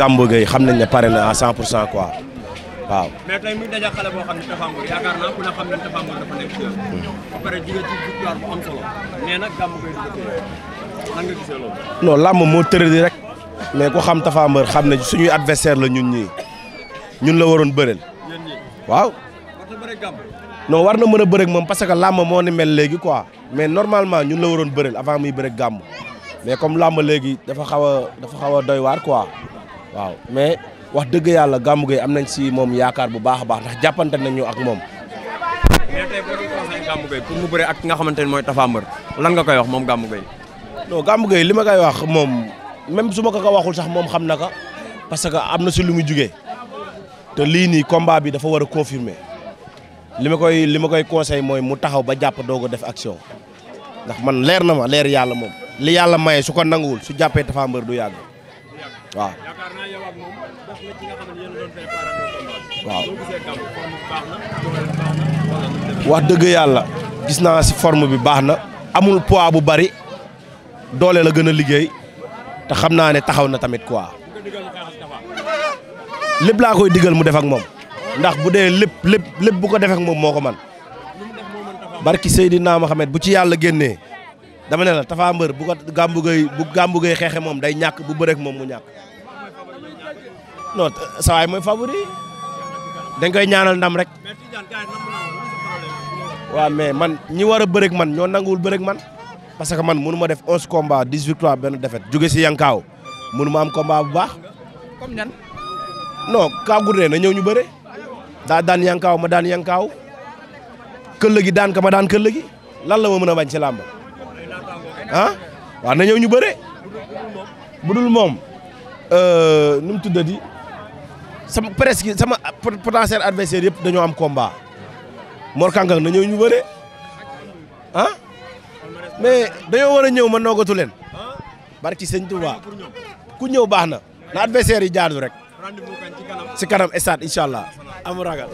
Gambo Gueye xam nañ ne pare na à 100 pour cent quoi waaw. mais tey muy ko rek mais ku xam Tapha xam ne suñuy adversaire la ñun ñii ñun la waroon bëreel. waaw. non war na mën a bëreeg moom parce que làmb moo ni léegi quoi mais normalement ñun la waroon bëreel avant muy bëreeg gàmm mais comme làmb léegi dafa xaw doy waar quoi. waaw mais wax dëgg yàlla Gamou Gueye am nañ si moom yaakaar bu baax a baax ndax jàppante nañu ak moom. mais tey boo doon pour mu bëree ak ki nga xamante ne mooy Tapha Mbeur lan nga koy wax moom Gamou Gueye. non Gamou Gueye li ma koy wax moom même su ma ko waxul sax moom xam na ko parce que am na si lu muy jugee te lii nii combat bi dafa war a confirmer li ma koy li ma koy conseil mooy mu taxaw ba jàpp doog a def action ndax man leer na ma leer yàlla moom. li yàlla maye su ko nanguwul su jàppee Tapha Mbeur du yàgg. waaw wax dëgg yàlla gis naa si forme bi baax na amul poids bu bari doole la gën a liggéey te xam naa ne taxaw na tamit quoi lépp laa koy digal mu def ak moom ndax bu dee lépp lépp lépp bu ko def moom moo ko man barki Seydina Mohamed bu ci yàlla génnee dama ne la Tapha Mbeur bu ko gàmbu gay bu gàmbu gay xeexe moom day ñàkk bu bëreek moom mu ñàkk non sawaay mooy favori dañ koy ñaanal ndam rek waaw mais man ñi war a bëreek man ñoo nanguwul bëreek man parce que man mënu ma def onze combats dix victoire benn défaite jóge si yankaaw mënu ma am combat bu baax comme ñan non kaagurne na ñëw ñu bëre daa daan yankaaw ma daan yankaaw këll gi daan ka ma daan këll gi lan la ma mën a bañ ci làmb ah waaw na ñëw ñu bëre. bu dul moom euh, nu mu di sama presque sama potentiel adversaire yëpp dañoo am combat Mor Kànkang na ñëw ñu bëre ah mais dañoo war a ñëw ma noogatu leen barki sëñ Touba ku ñëw baax na na adversaire yi jaadu rek si kanam stade incha allah amu ragal